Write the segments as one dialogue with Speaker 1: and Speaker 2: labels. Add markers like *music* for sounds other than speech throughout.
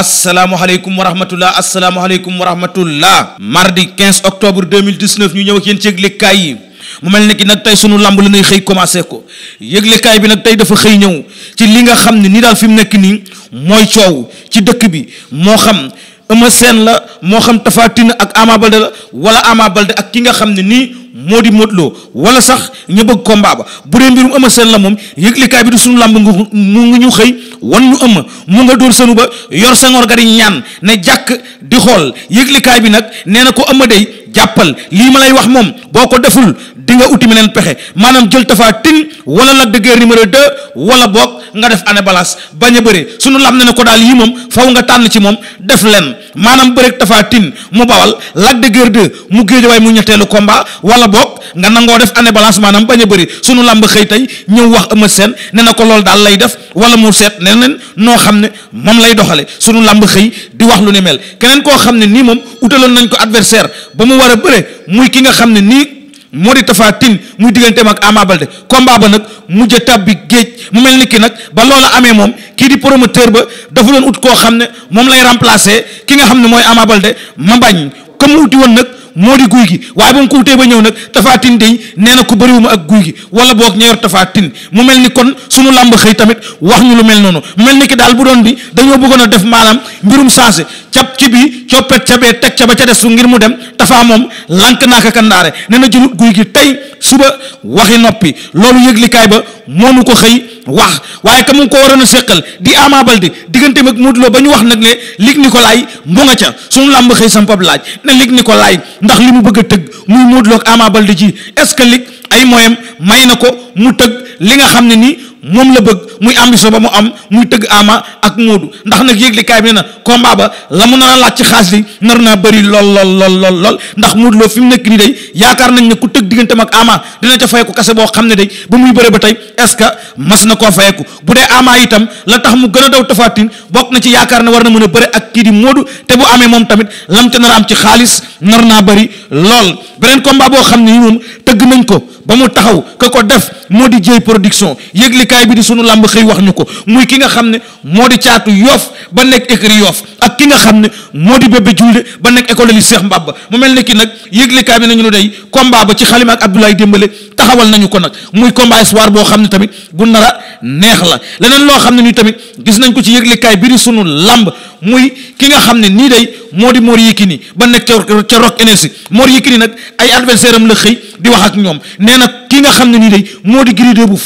Speaker 1: asalaamaaleykum wa rahmatullah asalaamaaleykum wa rahmatullah mardi 15 octobre 2019 ñu ñëw ak yéen ci yëglekaay yi mu mel ne ki nag tey sunu lamb la ñuy xëy commencé ko yëglekaay bi nag tey dafa xëy ñëw ci li nga xam ne nii daal fi mu nekk nii mooy coow ci dëkk bi moo xam Eumeu Sène la moo xam Tapha Tine ak Ama Baldé la wala Ama Baldé ak ki nga xam ne nii moo di Modou Lo wala sax ñu bëgg combat ba bu dee mbirum Eumeu seen la moom yëglikaay bi di sunu làmb ngu mu ngi ñu xëy wan ñu Eumeu mu nga dóor sënu ba yor sangoor ga di ñaan ne jàkk di xool yëglikaay bi nag nee na ko Eumeu day jàppal lii ma lay wax moom boo ko deful di nga uti meneen pexe maanaam jël Tapha Tine wala Lac de Guiers numéro 2 wala boog nga def année balance bañ a bëre sunu lam ne ne ko daal yi moom faw nga tànn ci moom def leen maanaam bëreeg Tapha Tine mu bawal Lac de Guiers 2 mu géejawaay mu ñetteelu combat wala boog nga nangoo def année balance maanaam bañ a bëri sunu làmb xëy tey ñëw wax Eumeu seen ne na ko loolu daal lay def wala mu seet neneen noo xam ne moom lay doxale sunu làmb xëy di wax lu ne mel keneen koo xam ne nii moom utaloon nañ ko adversaire ba mu war a bëre muy ki nga xam ne nii moo di Tapha Tine muy digganteem ak Ama Baldé combat ba nag mujj a tàbbi géej mu mel ni ki nag ba loola amee moom kii di promoteur ba dafa doon ut koo xam ne moom lay remplacer ki nga xam ne mooy Ama Baldé ma bañ ka mu uti woon nag moo di guy gi waaye ba mu ko utee ba ñëw nag tafaatin day nee na ku bëriwuma ak guy gi wala boog ña yor tafaatin mu mel ni kon sunu làmb xëy tamit wax ñu lu mel noonu mel ni ki daal bu doon bi dañoo bëggoon a def maanaam mbirum saase cab ci bi coppet cabee teg ca ba ca des su ngir mu dem tafaa moom lànk naa ko kandaare nee na jëlut guy gi tey suba waxi noppi loolu yëglikaay ba moonu ko xëy wax waaye ka mu ko waroon a séqal di Ama diggante digganteem ak Modou ba ñu wax nag ne Luc ko mbu nga ca suñu làmb xëy sampab laaj ne Luc Nicolaï ndax li mu bëgg a tëgg muy Modou Lo ak Ama Baldé ji est-ce que Luc ay moyam may na ko mu tëgg li nga xam ne ni moom la bëgg muy ambition ba mu am muy tëgg ama ak Moodu ndax nag yëglikaay bi nee na combat ba la mu a laaj xaalis nar naa bëri lool lool lool lool lool ndax Moodu Lo fi mu nekk nii day yaakaar nañ ne ku tëgg digganteem ak ama dina ca xam ne day ba muy bëre ba tey est-ce que mas na koo fayeku la tax na ci yaakaar ne war na mën a bëre ak kii di Moodu te bu amee lam ca am ci xaalis nar naa bari lool beneen combat boo xam ne nii tëgg nañ ko ba mu taxaw ka ko def moo di jëy production yëglikaay bi di sunu lamb xëy wax ñu ko muy ki nga xam ne moo di caatu yoof ba nekk écrit yoof ak ki nga xam ne moo di bébé julde ba nekk école li Seex Mbàbba mu mel ne ki nag yëglekaay bi nañu lu day combat ba ci xalima ak Abdoulaye Dembélé taxawal nañu ko nag muy combat espoir boo xam ne tamit bu nara neex la leneen loo xam ne ni tamit gis nañ ko ci yëglekaay bi di sunu làmb muy ki nga xam ne nii day moo di Mor Yekini ba nekk ca ca Rock Énergie Mor Yekini nag ay adversaire am la xëy di wax ak ñoom nee na ki nga xam ne nii moo di Gris 2 bu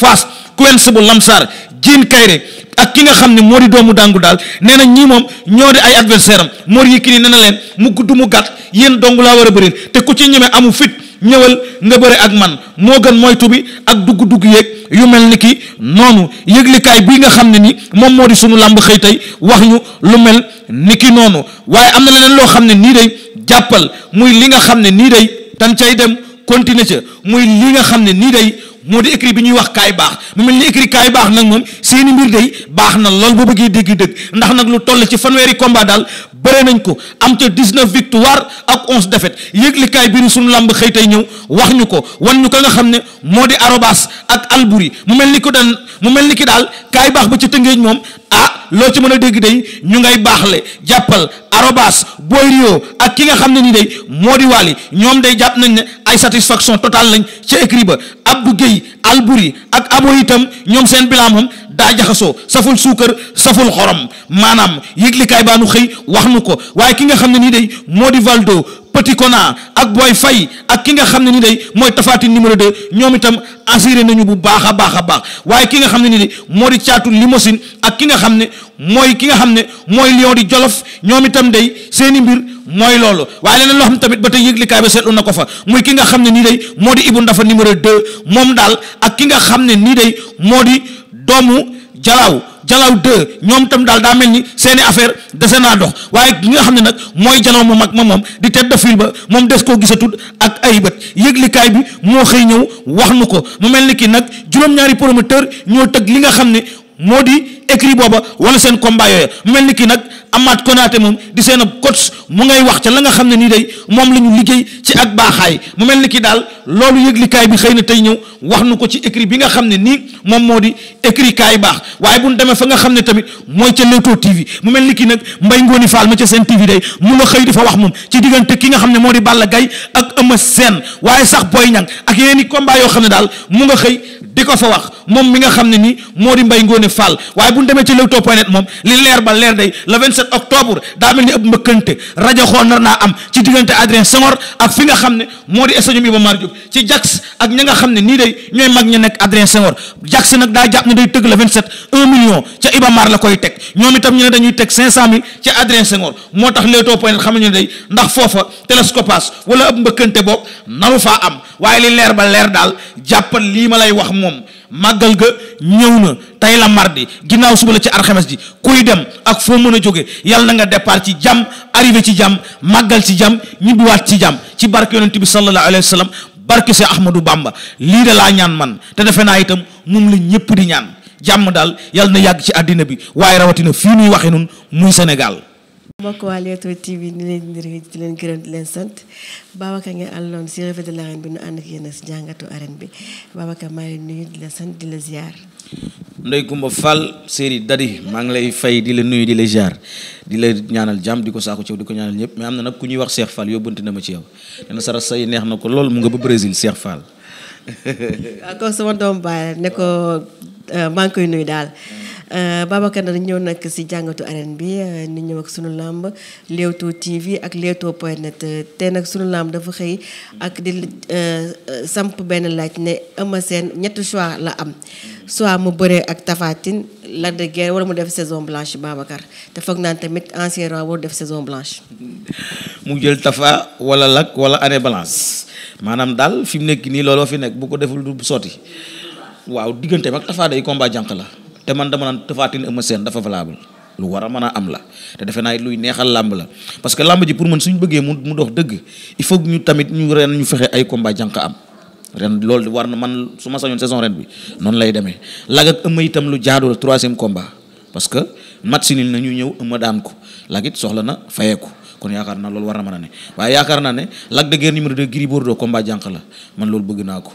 Speaker 1: Kuwens bu Lamsar Jean Kayre ak ki nga xam ne moo di doomu dàngu daal nee na ñii moom ñoo di ay adversaire am moo di Yékini nee na leen mu gudd mu gàtt yéen dong laa war a bërin te ku ci ñeme amu fit ñëwal nga bëri ak man moo gën moytu bi ak dugg-dugg yeeg yu mel ni ki noonu yëglikaay bii nga xam ne ni moom moo di suñu làmb xëy tey wax ñu lu mel ni ki noonu waaye am na leneen loo xam ne nii day jàppal muy li nga xam ne nii day tan cay dem continuer ca muy li nga xam ne nii day moo di écrit bi ñuy wax kaay baax mu mel ni écrit kaay baax nag moom seeni mbir day baax na lool boo bëggee dégg dëgg ndax nag lu toll ci fanweeri combat daal bëre nañ ko am ca 19 victoire ak 11 défaite yëglikaay bi ni sunu làmb xëy tey ñëw wax ñu ko wan ñu ko nga xam ne moo di Arobas ak Albouri mu mel ni ko daan mu mel ni ki daal kaay baax ba ca tëngeej moom ah loo ci mën a dégg day ñu ngay baaxle jàppal Arobas Boy ak ki nga xam ne ni day moo di Wally ñoom day jàpp nañ ne ay satisfaction totale lañ ci écrit ba Abdou Guèye Albouri ak Abo itam ñoom seen bilan daa jaxasoo saful suukar saful xorom maanaam yëglikaay baa nu xëy wax nu ko waaye ki nga xam ne nii day moo di Valdo Petit Kona ak Boy fay ak ki nga xam ne nii day mooy tafaatin numéro 2 ñoom itam assuré nañu bu baax a baax a baax waaye ki nga xam ne nii day moo di caatu limousine ak ki nga xam ne mooy ki nga xam ne mooy lion di jolof ñoom itam day seeni mbir mooy loolu waaye leneen loo tamit ba tey yëglikaay ba na ko fa muy nga xam ne nii day moo di Ibou Ndafa numéro 2 moom daal ak ki nga xam ne nii day moo di doomu jalaaw jalaaw deux ñoom tam daal daa mel ni seeni affaire dese naa dox waaye ki nga xam ne nag mooy jalaaw mu mag ma moom di tête de ba moom des koo gisatu ak ay bët yëglikaay bi moo xëy ñëw wax nu ko mu mel ni kii nag juróom-ñaari promoteur ñoo tëgg li nga xam ne moo di écrit booba wala seen combat yooya mel ni kii nag Amath Konaté moom di seen ab coach mu ngay wax ca la nga xam ne nii day moom la ñu liggéey ci ak baaxaay mu mel ni kii daal loolu yëglikaay bi xëy na tey ñëw wax nu ko ci écrit bi nga xam ne nii moom moo di écrit kaay baax waaye bu ñu demee fa nga xam ne tamit mooy ca Leewtoo TV mu mel ni kii nag Mbaye Ngoni Fall ma ca seen TV day mu la xëy di fa wax moom ci diggante ki nga xam ne moo di Balla gay ak Eumeu seen waaye sax booy Niang ak yeneen i combat yoo xam ne daal mu nga xëy di ko fa wax moom mi nga xam ne nii moo di Mbaye Ngoné Fall waaye bu ñu demee ci Leewtoo point moom li leer ba leer day am moo di nga xam ne nii day ñooy ña nekk Adrien Senghor Jax nag daa jàpp ne day tëgg le 27 1 million ca Iba Mar la koy teg ñoom itam ñu ne lii ma lay wax moom moom màggal ga ñëw na tey la mardi ginnaaw suba la ci alxames ji kuy dem ak foo mën a jóge yàlla na nga départ ci jàmm arrivé ci jàmm màggal ci jàmm ñibbiwaat ci jàmm ci barke yonent bi sallallahu alayhi wa sallam barke si Ahmadou Bamba lii de laa ñaan man te defe naa itam moom la ñëpp di ñaan jàmm daal yàlla na yàgg ci àddina bi waaye rawatina fii nuy waxe nun muy Sénégal
Speaker 2: mbokk waa Leewtoo TV ni leen di nuyu di leen gërëm di leen sant Babacar ngeen àlloon si revue de l'arène bi nu ànd ak yéen si jàngatu bi Babacar maa nuyu di la sant di la ziar.
Speaker 1: Ndeye Coumba Fall Seri Dadi maa ngi lay fay di la nuyu di la ziar di la ñaanal jàmm di ko saako ci di ko ñaanal ñëpp mais am na ku ñuy wax Cheikh Fall yóbbante na ma ci yow nee na sara neex na ko lool mu nga ba Brésil Cheikh Fall.
Speaker 2: waaw kooku sama euh, maa ngi koy nuyu daal. Euh, Babacar na ñëw nag si jàngatu arène bi euh, ni ñëw ak sunu làmb Leewtoo TV ak Leewtoo point net euh, tey nag sunu làmb dafa xëy ak di samp benn laaj ne Eumeu seen ñetti choix la am soit mu bëree ak Tapha la Lac de wala mu def saison blanche Babacar te foog naan tamit ancien roi waru def saison blanche.
Speaker 1: mu jël Tapha wala Lac wala année balance maanaam daal fi mu nekk nii looloo fi nekk bu ko deful du sotti waaw diggante mag Tapha day combat jànq la. te man dama naan tafaatin Eumeu Sène dafa valable lu war a mën a am la te defe naa it luy neexal làmb la parce que làmb ji pour man suñu bëggee mu mu dox dëgg il faut ñu tamit ñu ren ñu fexe ay combat jànq am ren loolu war na man su ma sañoon saison ren bi noonu lay demee Lac ak itam lu jaadu troisième combat parce que match nil na ñu ñëw Eumeu daan ko Lac it soxla na fayeeku kon yaakaar naa loolu war na mën a ne waaye yaakaar naa ne Lac de Guiers numéro 2 Gris Bordeaux jànq la man loolu bëgg naa ko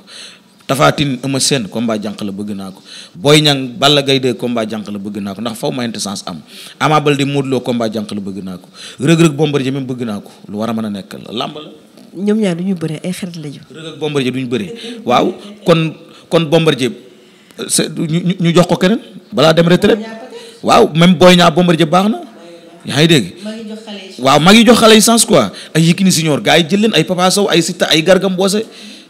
Speaker 1: Tafatine Eumeu Sène combat jànq la bëgg naa ko Boy Niang Balla Gaye 2 combat jànq la bëgg naa ko ndax faw ma sens am Ama Baldé Modou Lo combat jànq la bëgg naa ko rëg-rëg Bombardier même bëgg naa ko lu war a mën a nekk la làmb la.
Speaker 2: ñoom ñaar du ñu bëree
Speaker 1: ñu. rëg waaw kon kon Bombardier ñu ñu jox ko keneen balaa dem retraite waaw même Boy bombar Bombardier baax na yaa ngi dégg. waaw maa ngi jox xale yi sens quoi ay Yékini Senior gars yi jël leen ay Papa Sow ay Siteu ay Garga Mbossé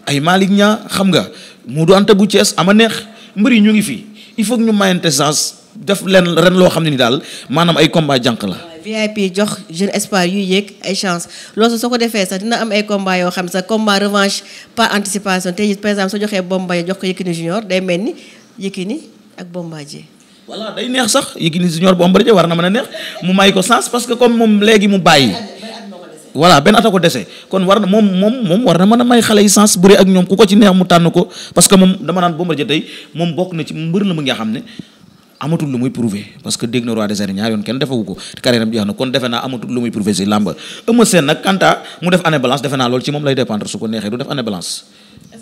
Speaker 1: ay Malick Niang xam nga Modou Anta bu Thiès ama neex mbër ñu ngi fi il faut que ñu mayante chance def leen ren loo xam ne ni daal maanaam ay combat jànq la.
Speaker 2: VIP jox jeune espoir yuy yéeg ay chance loolu soo ko defee sax dina am ay combat yoo xam ne sax combat revanche par anticipation tey par exemple soo joxee Bombardier jox ko Yékini Junior day mel ni Yékini ak Bombardier
Speaker 1: voilà day neex sax Yékini Junior Bombardier war na mën a neex mu may ko sens parce que comme moom léegi voilà benn at ko dese kon war na moom moom moom war na mën a may xale yi sens bëre ak ñoom ku ko ci neex mu tànn ko parce que moom dama naan Bombardier tey moom nga xam ne amatul lu muy prouver parce que dégg na yoon kenn defagu ko carrière am jeex na kon defe naa amatul lu muy prouver si làmba Eumeu Sène nag quant mu def année balance defe naa loolu ci moom lay dépendre su ko neexee du def année balance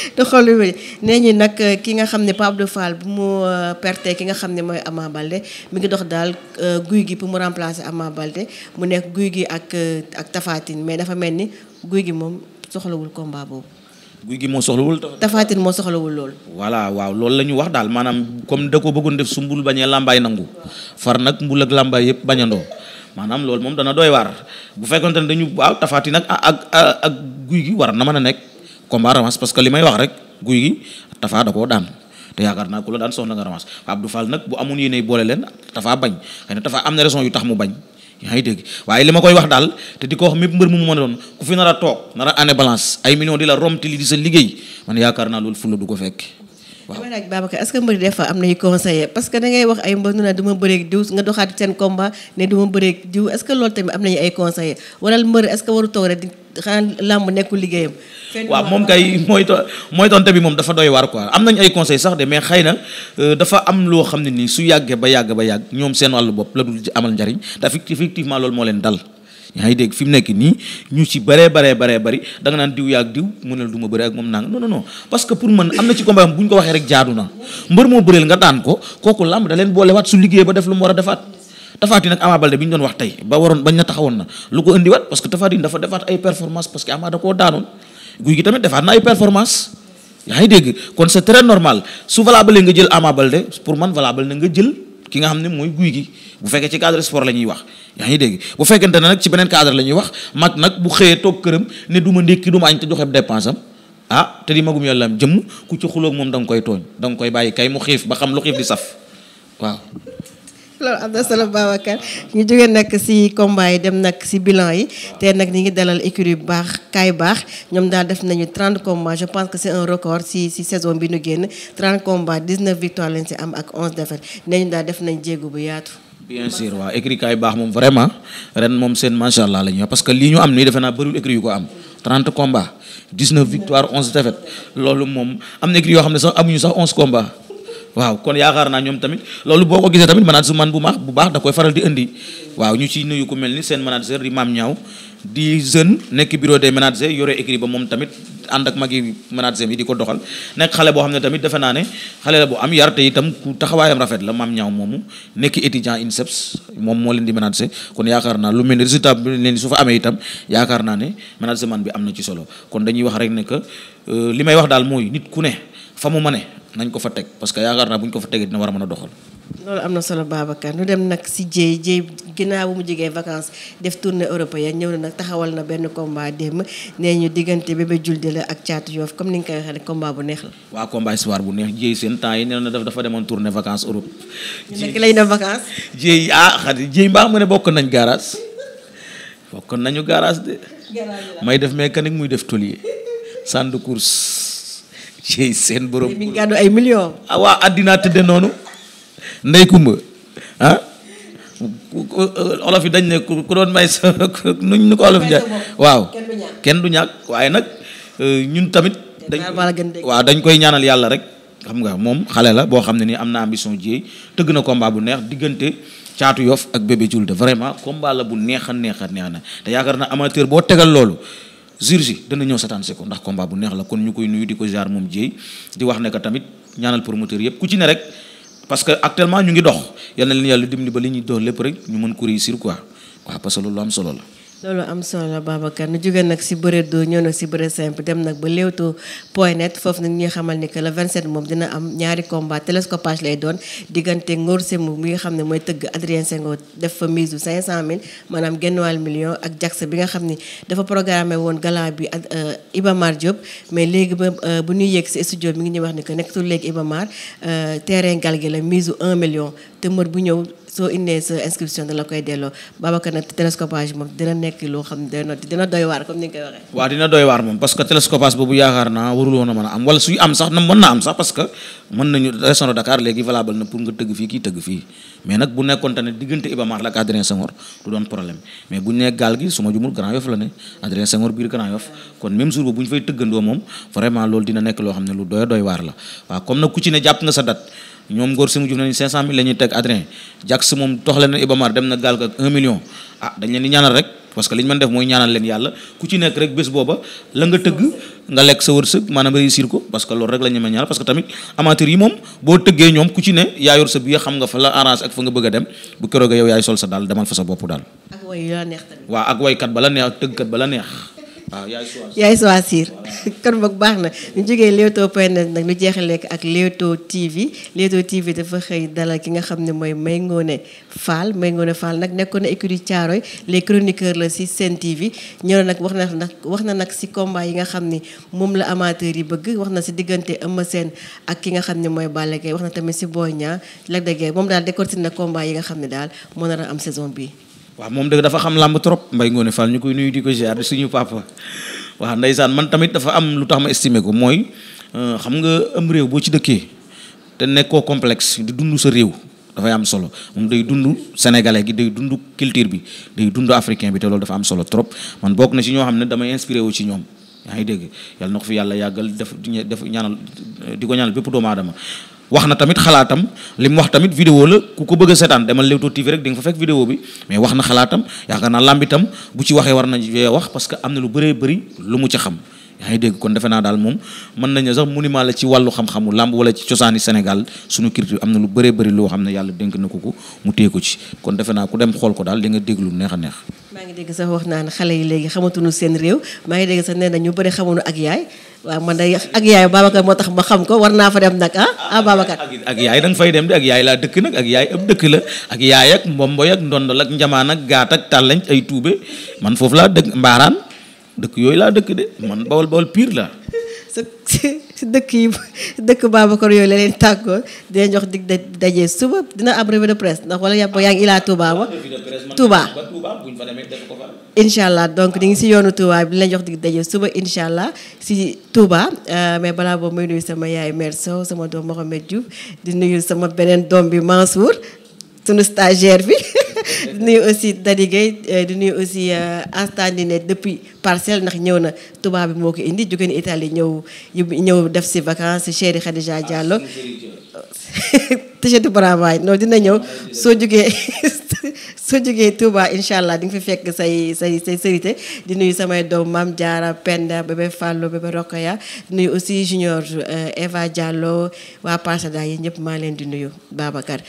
Speaker 2: *laughs* doxalu wi nee ñi nag euh, ki nga xam ne Pape Abdou Fall bu mu euh, perte ki nga xam ne mooy Ama Balde mi ngi dox daal euh, guy gi pour mu remplacer Ama Balde mu nekk guy gi ak ak Tafatine mais dafa mel ni guy gi moom soxlawul combat boobu. guy gi moo soxlawul. tafaatin moo soxlawul lool.
Speaker 1: voilà waaw loolu la ñu wax daal maanaam comme da ko bëggoon def su mbul bañee làmbaay nangu far nag mbul ak làmbaay yëpp bañandoo maanaam loolu moom dana doy waar bu fekkonte ne dañu waaw tafaatin ak ak ak guy gi war na mën a nekk. combat revanche parce que li may wax rek guy gi Tafa da daan te yaakaar naa ku la daan soxla nga revanche Abdou Fall nag bu amoon yéene boole leen Tafa bañ xëy na Tafa am na raison conseiller parce mbër
Speaker 2: nu que waru toog rek xanaa làmb nekkul liggéeyam. waaw moom kay mooy
Speaker 1: to mooy moom dafa doy waar quoi am nañ ay conseils sax de mais xëy euh, dafa am loo xam ne nii su yàggee ba yàgg ba yàgg ñoom seen wàllu bopp la dul amal njariñ te effectivement loolu moo leen dal. nga naan diw yaag diw mu ne la du ma ak moom nang non non non parce pour man am na ci combat bu ñu ko waxee rek jaadu na mbër moo bëreel nga daan ko kooku làmb da leen boolewaat su liggéey ba def lu mu war a Tafatin ak Ama Balde bi ñu doon wax tey ba waroon bañ na taxawoon na lu ko indiwaat parce que Tafatin dafa defaat ay performance parce que Ama da koo daanoon guy gi tamit defaat na ay performance yaa ngi dégg kon c'est très normal su valable nga jël Ama Balde pour man valable na nga jël ki nga xam ne mooy guy gi bu fekkee ci cadre sport la ñuy wax yaa ngi dégg bu fekkente ne nag ci beneen cadre la ñuy wax mag nag bu xëyee toog këram ne du ma ndékki du ma añ te ah, te di yàlla am jëmm ku ci xuloog da koy tooñ da nga koy bàyyi kay mu xiif ba xam lu xiif di saf
Speaker 2: waaw loolu am na solo Babacar ñu jóge si combat yi dem si bilan yi te nag ñi ngi dalal écurie bu baax kaay baax ñoom daal def nañu trente combats je pense que c' est un record si si saison bi nu génn 30 combats 19 victoires lañ si am ak 11 défaites nañu daal def nañ jéego bu yaatu.
Speaker 1: bien sûr waaw écurie kaay baax moom vraiment ren moom seen macha allah la ñu parce que lii ñu am nii defe naa bëriwul écurie yu ko am 30 combats 19 victoires 11 défaites loolu moom am na écurie yoo xam ne sax amuñu sax 11 combats. waaw kon yaakaar naa ñoom tamit loolu boo ko gisee tamit management bu baax bu baax da koy faral di indi waaw ñu ci nuyu ku mel ni seen manager di maam ñaaw di jeune nekk bureau de managers yore écrit ba moom tamit ànd ak mag yi manager yi di ko doxal nekk xale boo xam ne tamit defe naa ne xale la bu am yar te itam ku taxawaayam rafet la maam ñaaw moomu nekk étudiant INSEPS moom moo leen di manager kon yaakaar naa lu mel ni résultat bi leen su fa amee yaakaar naa ne management bi am na ci solo kon dañuy wax rek ne euh, li may wax daal mooy nit ku ne fa mu mëne nañ ko fa teg parce que yaakaar naa bu ñu ko fa tegee dina war a mën a doxal.
Speaker 2: loolu am na solo Babacar ñu dem nag si Dieye Dieye ginnaaw bu mu jógee vacances def tournée européenne ñëw na nag taxawal na benn combat démb nee ñu diggante Bébé Diouldé la ak Thiatou Yoff comme ni nga koy waxee rek combat neex la.
Speaker 1: waaw combat histoire bu neex Dieye seen temps yi ne na dafa demoon tournée vacances Europe.
Speaker 2: ñu nekk lay dem vacances.
Speaker 1: Dieye ah xati Dieye mbaa mu ne bokk nañ garage bokk nañu garage de. may def mécanique muy def tôlier. sand course. ci seen borom. mi ngi gàddu ay millions. Ah, waa àddina tëdde noonu. ndey kumba ah. olof yi dañ ne ku doon may sa nuñ nu ko olof ja waaw kenn du ñàkk waaye nag euh, ñun tamit dañ waaw dañ koy ñaanal yàlla rek xam nga moom xale la boo xam ne ni am na ambition jiey tëgg na combat bu neex diggante caatu yof ak bébé julde vraiment combat la bu neex a neex neex na te yaakaar na amateur boo tegal loolu jour ji dana ñëw setaan si ko ndax combat bu neex la kon ñu koy nuyu di ko jaar moom jéey di wax ne que tamit ñaanal promoteur yëpp ku ci ne rek parce que actuellement ñu ngi dox yal na leen yàlla dimbali ba li ñu dox lépp rek ñu mën ko réussir quoi waaw parce que loolu am solo la.
Speaker 2: loolu am solo la Babacar ñu jógee nag si bëre doo ñëw nag si bëre simple dem nag ba Leewtoo point net foofu nag ñuy xamal ni que vingt 27 moom dina am ñaari combat télescopage lay doon diggante Ngor Semou mi nga xam ne mooy tëgg Adrien Senghor def fa mise bu 500000 maanaam genn wàll million ak Jax bi nga xam ni dafa programmé woon gala bi ak euh, Iba Mar Diop mais léegi ba euh, bu ñuy yegg si studio mi ngi ñuy wax ni que nekkatul léegi Iba Mar euh, terrain gal gi mise bu million te mbër bu ñëw. soo indee sa inscription da koy delloo Babacar nag télescopage moom dina nekk loo xam ne dina doy waar comme ni nga koy waxee.
Speaker 1: waaw dina doy waar moom parce que télescopage boobu yaakaar naa warul woon a a am wala suy am sax na mën na am sax parce que mën nañu région de Dakar léegi valable na pour nga tëgg fii kii tëgg fii. mais nag bu nekkoon ne diggante Iba Mar la ak Adrien Senghor du doon problème mais bu ñu nee gaal gi su ma jumul Grand Yoff la ne Adrien Senghor biir Grand Yoff kon même jour ba bu ñu fay tëggandoo moom vraiment loolu dina nekk loo xam ne lu doy doy waar la waaw comme nag ku ci ne jàpp nga sa date ñoom ngóor si mu juf nañu 500000 la ñuy teg Adrien Jax moom toxle na Iba dem na gaal ko ak 1 million ah dañ leen di ñaanal rek. parce que li ñu def mooy ñaanal leen yàlla ku ci nekk rek bés booba la nga tëgg nga lekk sa wërsëg maanaam réussir ko parce que loolu rek la ñu ñaanal parce que tamit amateur yi moom boo tëggee ñoom ku ci ne yaa sa biir xam nga fa la arrange ak fa nga bëgg dem bu keroog yow yaay sol sa daal demal fa sa bopp daal.
Speaker 2: ak
Speaker 1: ak waykat ba la neex tëggkat ba la neex Ah, yaay choisir
Speaker 2: *laughs* kon boog baax na ñu jógee Leewtoo point net nag ñu jeexalee ak Leewtoo TV Leewtoo TV dafa xëy dalal ki nga xam ne mooy May Ngoone Fall May Ngoone Fall nag nekkoon na écurie Thiaroye les chroniqueurs la si Sen TV ñëw nag wax na nag wax na nag si combat yi nga xam ni moom la amateur yi bëgg wax na si diggante Eumeu seen ak ki nga xam ne mooy Balla Gaye wax na tamit si Boy Niang Lac de Guiers moom daal décortiqué na combat yi nga xam ne daal moo nar a am saison bi waaw moom dëgg dafa xam
Speaker 1: làmb trop mbay Ngoné Fall ñu koy nuyu di ko ziar di suñu papa waaw ndeysaan man tamit dafa am lu tax ma estimé ko mooy euh, xam nga am réew boo ci dëkkee te nekkoo complexe di dund sa réew dafay am solo moom day dund sénégalais gi day dund culture bi day dund africain bi te loolu dafa am solo trop man bokk na ci ñoo xam ne damay inspiré wu ci ñoom yaa ngi dégg yàlla na ko fi yàlla yàggal def def ñaanal di ko ñaanal bépp doomu aadama wax na tamit xalaatam li mu wax tamit vidéo la ku ko bëgg setaan demal Leewtoo TV rek di nga fa fekk vidéo bi mais wax na xalaatam yaakaar naa làmb itam bu ci waxee war na wax parce que am na lu bëree bëri lu mu ci xam yaa ngi dégg kon defe naa daal moom mën nañu sax monument la ci wàllu xam làmb wala ci cosaani Sénégal sunu culture am na lu bëree bëri loo xam ne yàlla dénk na ko ko mu téye ko ci kon defe naa ku dem xool ko daal di nga déglu neex a neex
Speaker 2: maa ngi dégg sax wax naan xale yi léegi xamatuñu seen réew maa ngi dégg sax nee na ñu bëri xamuñu ak yaay waaw man day ak yaay Babacar moo tax ma xam ko war naa fa dem nag ah ah
Speaker 1: ak yaay da fay dem de ak yaay laa dëkk nag ak yaay ab dëkk la ak yaay ak mbomboy ak ndondol ak njamaan ak gaat ak tàllañ ay tuube man foofu laa dëgg mbaaraan dëkk yooyu laa dëkk de man bawal bawal pire laa.
Speaker 2: sa *laughs* *laughs* dëkk yi *laughs* dëkk Babacar yooyu la leen tàggoo dina jox dig daje suba dina am revue de ndax wala yàpp yaa ngi ilaa Touba
Speaker 1: ma
Speaker 2: allah donc ñu ngi si yoonu Touba bi dina jox dig daje suba incha allah si Touba euh, mais balaa boobu muy nuyu sama yaay mère Sow sama doom Mohamed Diouf di nuyu sama beneen doom bi Mansour sunu stagiaire bi. *laughs* di nuyu aussi Dadi euh, di nuy aussi euh, Astandine depuis parcelle ndax ñëw na tubaab bi moo ko indi jóge na Italie ñëw ñëw def si vacances chéri Khadija ah, Diallo *laughs* tëjati bravaay non dina ñëw soo jógee *laughs* soo jógee Touba incha allah di nga fi fekk say say say di nuyu samay doom Mame Diarra Penda bébé Fallou bébé Rokhaya di nuyu aussi junior euh, Eva Diallo waa Parcelle yi ñëpp maa leen di nuyu Babacar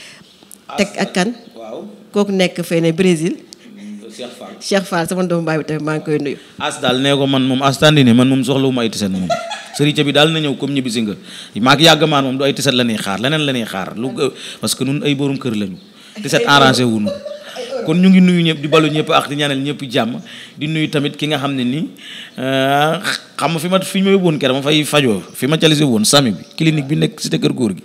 Speaker 2: teg ak kan waaw kooku nekk fee ne Brésil. Cheikh Fall Cheikh Fall sama doomu baay bi tamit maa ngi koy nuyu.
Speaker 1: as daal nee ko man moom as tàndi man moom soxlawuma ay tiset moom sëriñ bi daal na ñëw comme ñibbisi nga maa ngi yàgg maan moom du ay tiset la xaar leneen la xaar lu nun ay borom kër lañu tiset arrangé wuñu kon ñu ngi nuyu ñëpp di balu ñëpp ak di ñaanal ñëpp jàmm di nuyu tamit ki nga xam ne nii ah, xam fi ma fi ma yóbbuwoon ke ma fay fajoo fi ma calise woon sami bi clinique bi nekk cité kër góor gi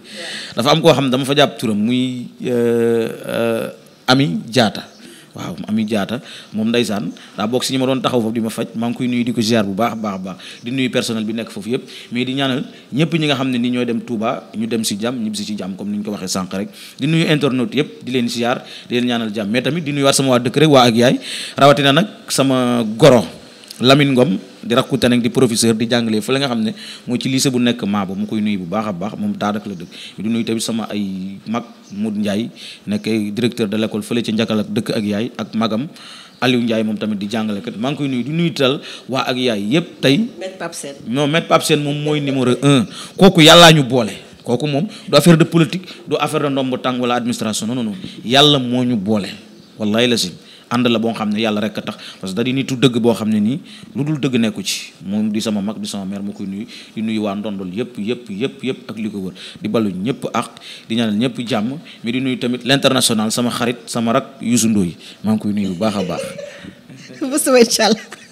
Speaker 1: dafa am koo xam dama fa jàpp turam muy euh, euh, ami jaata waaw ami jaata moom ndaysaan daa bokk si ñi ma doon taxaw foofu di ma faj maa ngi koy nuyu di ko ziar bu baax baax baax di nuyu personnel bi nekk foofu yëpp mais di ñaanal ñëpp ñi nga xam ne ni ñoo dem Touba ñu dem si jàmm ñibbi si ci jàmm comme ni ñu ko waxee sànq rek di nuyu internaute yëpp di leen ziar di leen ñaanal jàmm mais tamit di nuyu waat sama waa dëkk rek waa ak yaay rawatina nag sama goro Lamine ngoom di rakku Taneg di professeur di jàngale fa la nga xam ne mooy ci lycée bu nekk Maabo mu koy nuyu bu baax a baax moom daanak la dëkk di nuyu tamit sama ay mag Modou Ndiaye nekk directeur de lecole fële ca njakal ak dëkk ak yaay ak magam Aliou Ndiaye moom tamit di jàngalekat maa ngi koy nuyu di nuyu waa ak yaay yépp tey
Speaker 2: Maître Pape Sène
Speaker 1: non Maître moom mooy numéro un kooku yàllaa ñu boole kooku moom du affaire de politique du affaire de ndomb tàng wala administration non non yàlla moo ñu boole wallahi la si ànd la boo xam ne yàlla rek a tax parce que da di nitu dëgg boo xam ne nii lu dul dëgg nekku ci moom di sama mag di sama mère mu koy nuyu di nuyu waa ndondol yëpp yëpp yëpp yëpp ak li ko wër di ballu ñëpp ak di ñaanal ñëpp jàmm mais di nuyu tamit l'international sama xarit sama rak Youssou Ndoye maa ngi koy nuyu bu baax a baax.
Speaker 2: *laughs*